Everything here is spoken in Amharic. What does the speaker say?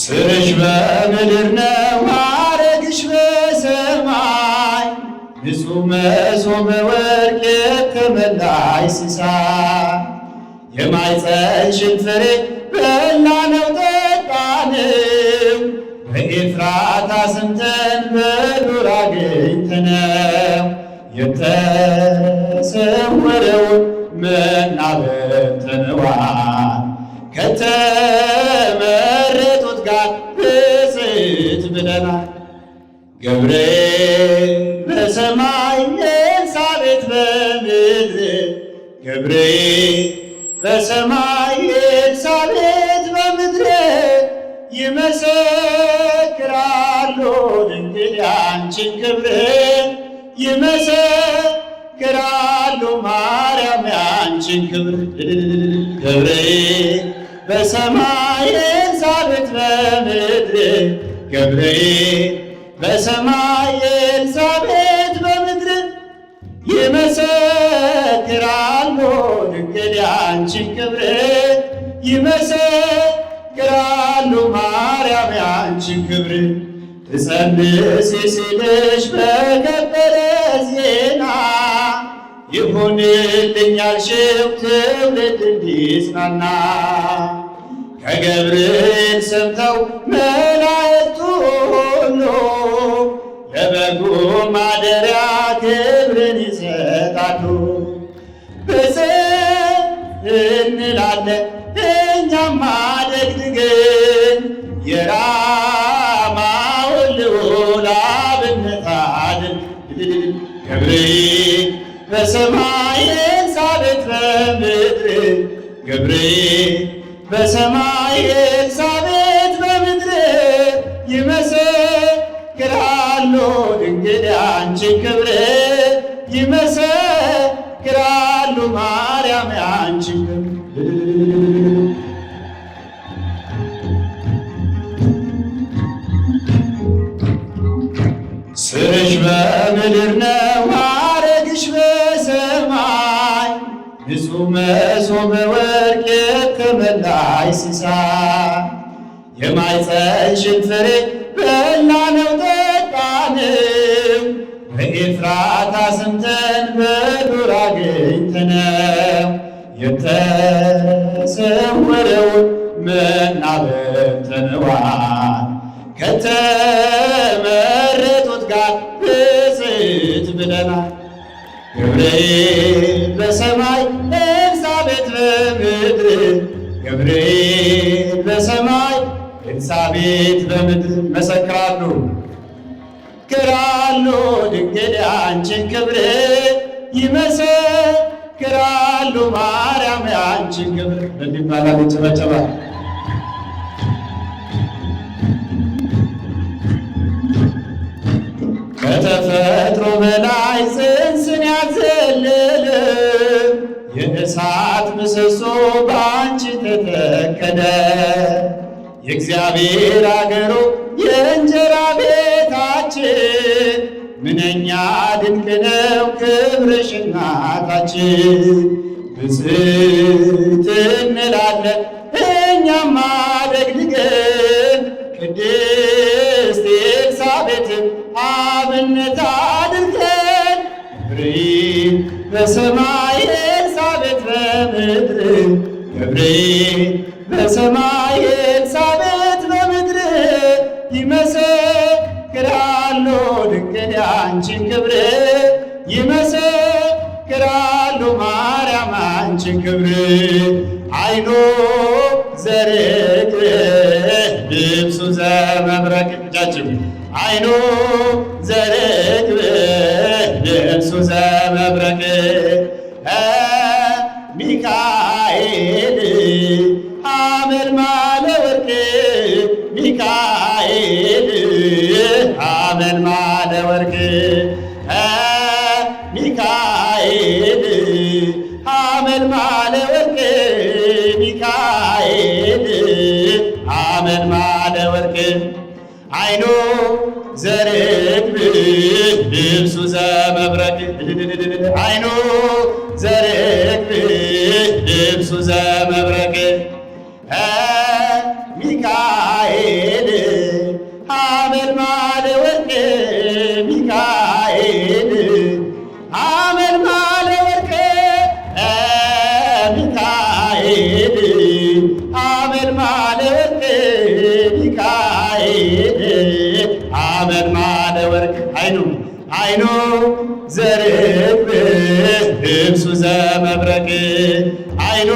ስርሽ በምድር ነው ማረግሽ በሰማይ ንጹሕ መሶበ ወርቅ የተመላይ ስሳ የማይፀንሽን ፍሬ ነው ጠጣነው በኤፍራታ ሰምተን በዱር አግኝተነው የተሰወረውን መና በልተነዋል ከተ ሰምተናል። ገብርኤል በሰማይ ኤልሳቤጥ በምድር ገብርኤል በሰማይ ኤልሳቤጥ በምድር ይመሰክራሉ ድንግል ያንቺን ክብር ይመሰክራሉ ማርያም ያንቺን ክብር ገብርኤል በሰማይ ኤልሳቤጥ በምድር ገብርኤል በሰማይ ኤልሳቤጥ በምድር ይመሰክራሉ ድንግል ያንቺን ክብር ይመሰክራሉ ማርያም ያንቺን ክብር ትጸንስ ሲልሽ በከበረ ዜና ይሁንልኛል ሽው ትውልድ እንዲጽናና ከገብርኤል ሰምተው መላእክቱ ሁሉ ለበጉ ማደሪያ ክብርን ይሰጣሉ። ብፅዕ እንላለን እኛም አደግድግን የራማውን ልዑል አብነት አድን ገብርኤል በሰማይ ሳብት በምድር ገብርኤል በሰማይ ኤልሳቤጥ በምድር ይመሰክራሉ ድንግል አንቺን ክብር ይመሰክራሉ ማርያም ክብር በምድር ነ ንጹሕ መሶበ ወርቅ የተመላ እንስሳ የማኅፀንሽን ፍሬ ነው ጠጣነው፣ በኤፍራታ ሰምተን በዱር አግኝተነው የተሰወረውን መና በልተነዋል ከተመረጡት ጋር ብፅዕት ብለናል ገብርኤል በሰማይ ገብርኤል በሰማይ ኤልሳቤጥ በምድር መሰክራሉ ግራሉ ድንግል አንቺን ክብር ይመሰክራሉ ማርያም አንቺን ክብር እንዲባላል ይጨበጨባል። ከተፈጥሮ በላይ ጽንስን ያዘለለ የእሳት ምሰሶ በአንቺ ተተከለ። የእግዚአብሔር አገሩ የእንጀራ ቤታችን ምንኛ ድንቅ ነው ክብርሽ እናታችን። ብፅዕት እንላለን እኛም አደግድገን ቅድስት ኤልሳቤጥን አብነት አድርገን ሪ በሰማ በምድር ገብርኤል በሰማይ ኤልሳቤጥ በምድር ይመሰክራሉ ድንግል አንቺን ክብር ይመሰክራሉ ማርያም አንቺን ክብር አይኖ ዘርክ ልብሱ ዘመብረቅ እጃችን አይኖ ዘርክ መልማለ ወርቅ ሚካኤል አመልማለ ወርቅ ሚካኤል አመልማለ ወርቅ አይኑ ዘርግብ ልብሱ ዘመብረቅ አይኑ ዘርግብ ልብሱ አይኑ ዘርብህ ህብሱ ዘመብረቅ አይኑ